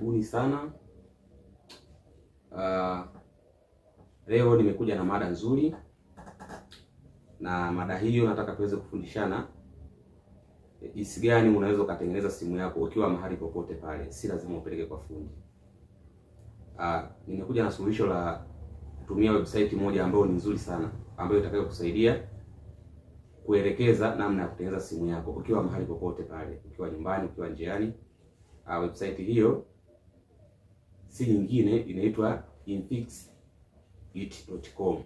karibuni sana. Uh, leo nimekuja na mada nzuri, na mada hiyo nataka tuweze kufundishana eh, jinsi gani unaweza ukatengeneza simu yako ukiwa mahali popote pale, si lazima upeleke kwa fundi. Uh, nimekuja na suluhisho la kutumia website moja ambayo ni nzuri sana, ambayo itakayokusaidia kuelekeza namna ya kutengeneza simu yako ukiwa mahali popote pale, ukiwa nyumbani, ukiwa njiani. Uh, website hiyo si nyingine, inaitwa infixit.com.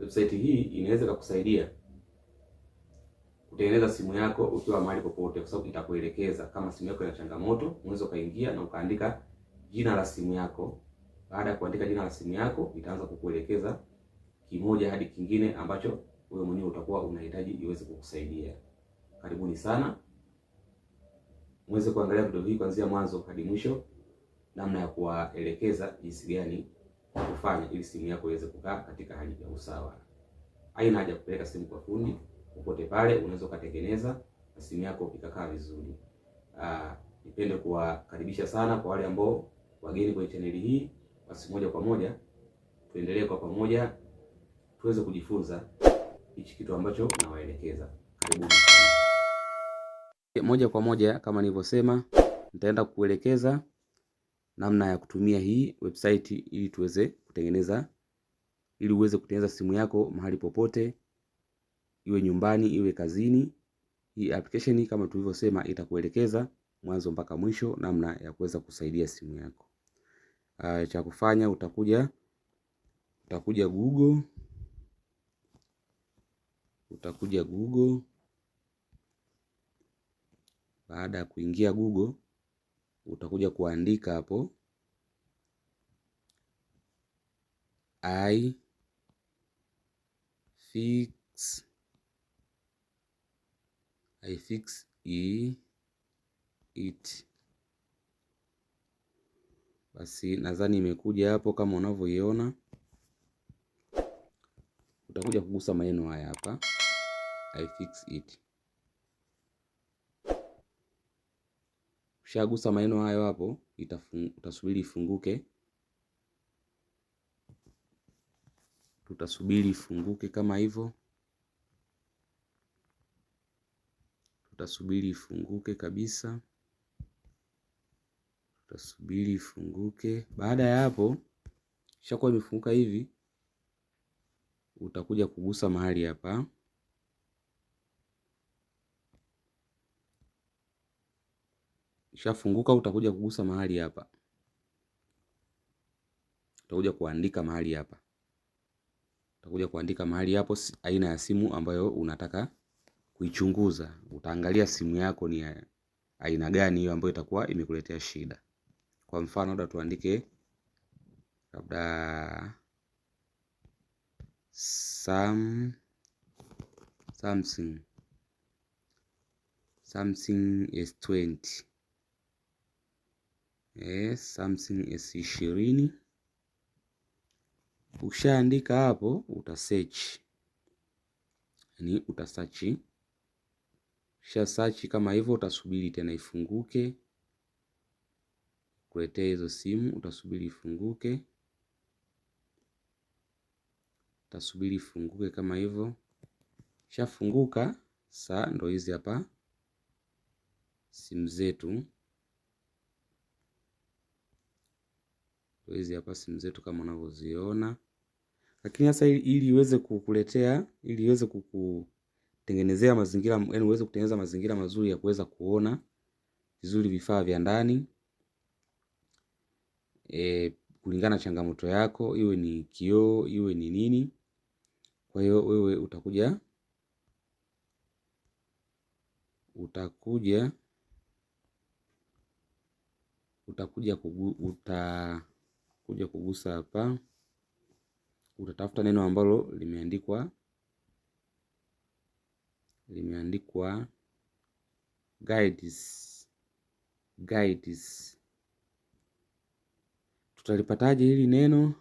Website hii inaweza kukusaidia kutengeneza simu yako ukiwa mahali popote, kwa sababu itakuelekeza kama simu yako ina changamoto, unaweza ukaingia na ukaandika jina la simu yako. Baada ya kuandika jina la simu yako, itaanza kukuelekeza kimoja hadi kingine ambacho wewe mwenyewe utakuwa unahitaji iweze kukusaidia. Karibuni sana, muweze kuangalia video hii kuanzia mwanzo hadi mwisho namna ya kuwaelekeza jinsi gani kufanya ili simu yako iweze kukaa katika hali ya usawa. Haina haja kupeleka simu kwa fundi, popote pale unaweza ukatengeneza na simu yako ikakaa vizuri. Ah, nipende kuwakaribisha sana kwa wale ambao wageni kwenye chaneli hii, basi moja kwa moja tuendelee kwa pamoja tuweze kujifunza hichi kitu ambacho nawaelekeza. Karibuni. Moja kwa moja kama nilivyosema, nitaenda kukuelekeza namna ya kutumia hii website ili tuweze kutengeneza ili uweze kutengeneza simu yako mahali popote, iwe nyumbani, iwe kazini. Hii application kama tulivyosema, itakuelekeza mwanzo mpaka mwisho namna ya kuweza kusaidia simu yako. Uh, cha kufanya utakuja utakuja Google utakuja Google. Baada ya kuingia Google utakuja kuandika hapo i fix i fix e it basi nadhani imekuja hapo kama unavyoiona. Utakuja kugusa maneno haya hapa, I fix it. Ukishagusa maneno hayo hapo, utasubiri ifunguke, tutasubiri ifunguke kama hivyo, tutasubiri ifunguke kabisa, tutasubiri ifunguke. Baada ya hapo, ishakuwa imefunguka hivi, utakuja kugusa mahali hapa Ikishafunguka utakuja kugusa mahali hapa, utakuja kuandika mahali hapa, utakuja kuandika mahali hapo aina ya simu ambayo unataka kuichunguza. Utaangalia simu yako ni ya aina gani hiyo ambayo itakuwa imekuletea shida. Kwa mfano labda tuandike labda Sam, Samsung Samsung S20 eh, Samsung S20. Ukishaandika hapo uta search, yani uta search, Ukisha search kama hivyo, utasubiri tena ifunguke kuletea hizo simu, utasubiri ifunguke, utasubiri ifunguke kama hivyo. Shafunguka, saa ndo hizi hapa simu zetu. hizi hapa simu zetu kama unavyoziona, lakini sasa ili iweze kukuletea, ili iweze kukutengenezea mazingira, yani uweze kutengeneza mazingira mazuri ya kuweza kuona vizuri vifaa vya ndani e, kulingana changamoto yako, iwe ni kioo, iwe ni nini. Kwa hiyo wewe utakuja utakuja utakuja kugu, uta kuja kugusa hapa, utatafuta neno ambalo limeandikwa limeandikwa guides. Guides. Tutalipataje hili neno?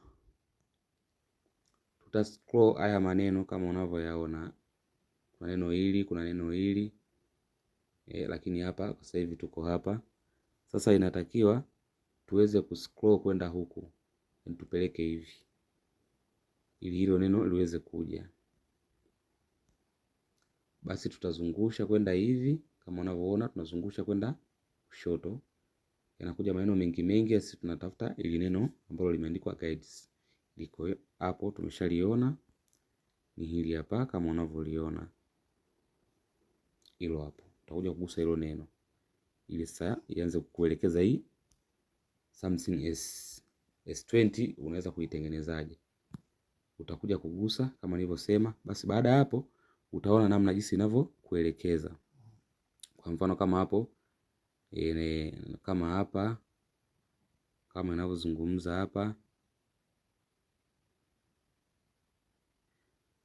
Tuta scroll haya maneno kama unavyoyaona, kuna neno hili, kuna neno hili e, lakini hapa sasa hivi tuko hapa. Sasa inatakiwa tuweze kuscroll kwenda huku na tupeleke hivi, ili hilo neno liweze kuja. Basi tutazungusha kwenda hivi, kama unavyoona tunazungusha kwenda kushoto, yanakuja maneno mengi mengi. Sisi tunatafuta ili neno ambalo limeandikwa guides, liko hapo, tumeshaliona ni hili hapa, kama unavyoliona hilo hapo. Utakuja kugusa hilo neno ili sasa ianze kukuelekeza hii something else S20 unaweza kuitengenezaje. Utakuja kugusa kama nilivyosema, basi baada ya hapo utaona namna jinsi inavyokuelekeza. Kwa mfano kama hapo ene, kama hapa kama inavyozungumza hapa,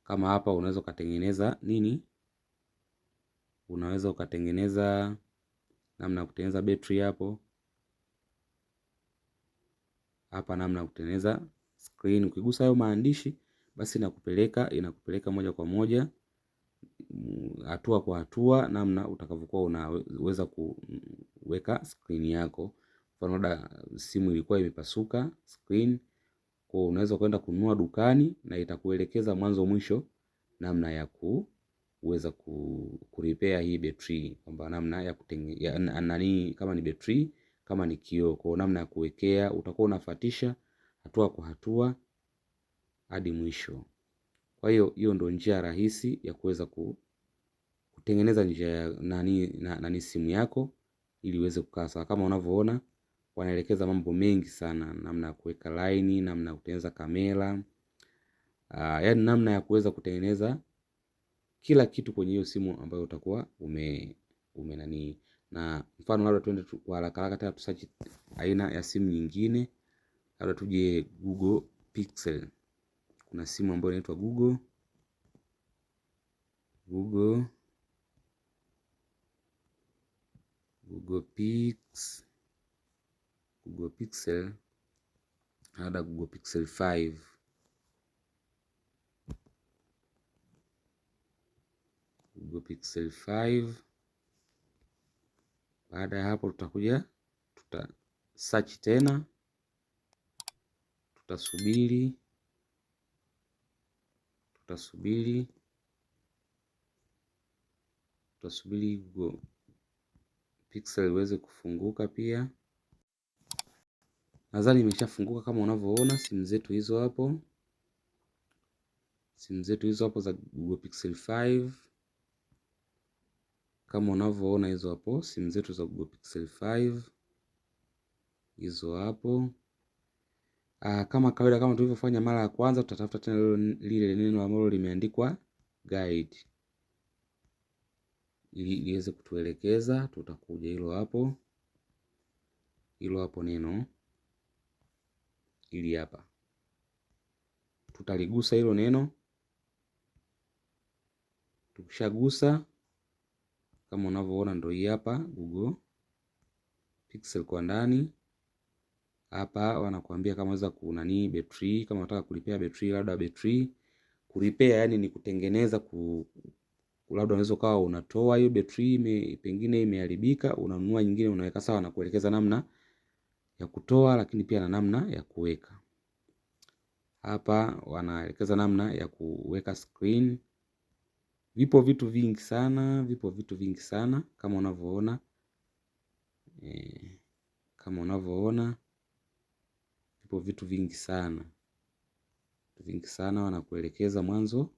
kama hapa unaweza ukatengeneza nini, unaweza ukatengeneza namna ya kutengeneza betri hapo hapa namna ya kutengeneza screen. Ukigusa hayo maandishi basi inakupeleka inakupeleka moja kwa moja hatua kwa hatua namna utakavyokuwa unaweza kuweka screen yako. Mfano labda simu ilikuwa imepasuka screen, kwa unaweza kwenda kununua dukani na itakuelekeza mwanzo mwisho namna ya kuweza ku repair hii betri, kwamba namna ya kutengeneza nani, kama ni betri kama ni kioo. Kwa namna ya kuwekea utakuwa unafatisha hatua kwa hatua hadi mwisho. Kwa hiyo hiyo ndio njia rahisi ya kuweza kutengeneza njia nani, nani simu yako ili iweze kukaa sawa. Kama unavyoona wanaelekeza mambo mengi sana, namna ya kuweka laini, namna ya kutengeneza kamera Uh, yaani namna ya kuweza kutengeneza kila kitu kwenye hiyo simu ambayo utakuwa ume nanii na mfano labda tuende tu kwa haraka haraka tena tusearch aina ya simu nyingine, labda tuje Google Pixel. Kuna simu ambayo inaitwa Google Google Google Pix Google Pixel labda Google Pixel 5 Google Pixel 5 baada ya hapo, tutakuja tuta search tena, tutasubiri tutasubiri tutasubiri Google Pixel iweze kufunguka pia. Nadhani imeshafunguka kama unavyoona, simu zetu hizo hapo, simu zetu hizo hapo za Google Pixel 5. Kama unavyoona hizo hapo simu zetu za Google Pixel 5 hizo hapo. Aa, ah, kama kawaida, kama tulivyofanya mara ya kwanza, tutatafuta tena lile neno ambalo limeandikwa guide ili liweze kutuelekeza. Tutakuja hilo hapo, hilo hapo neno ili hapa, tutaligusa hilo neno, tukishagusa kama unavyoona ndio hii hapa Google Pixel kwa ndani. Hapa wanakuambia kama unaweza kunani betri, kama unataka kulipia betri, labda betri kulipia, yani ni kutengeneza ku labda unaweza ukawa unatoa hiyo betri ime, pengine imeharibika, unanunua nyingine unaweka sawa, na kuelekeza namna ya kutoa, lakini pia na namna ya kuweka. Hapa wanaelekeza namna ya kuweka screen Vipo vitu vingi sana, vipo vitu vingi sana kama unavyoona e, kama unavyoona vipo vitu vingi sana, vitu vingi sana wanakuelekeza mwanzo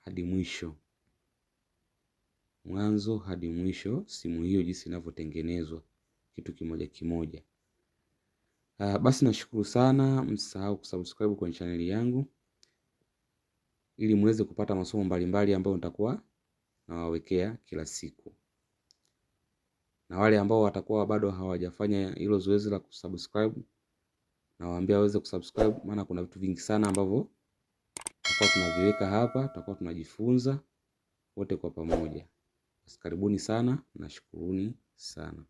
hadi mwisho, mwanzo hadi mwisho, simu hiyo jinsi inavyotengenezwa kitu kimoja kimoja. Uh, basi nashukuru sana, msisahau kusubscribe kwenye chaneli yangu ili muweze kupata masomo mbalimbali ambayo nitakuwa nawawekea kila siku. Na wale ambao watakuwa bado hawajafanya hilo zoezi la kusubscribe, nawaambia waweze kusubscribe, maana kuna vitu vingi sana ambavyo tutakuwa tunaviweka hapa, tutakuwa tunajifunza wote kwa pamoja. Karibuni sana na shukuruni sana.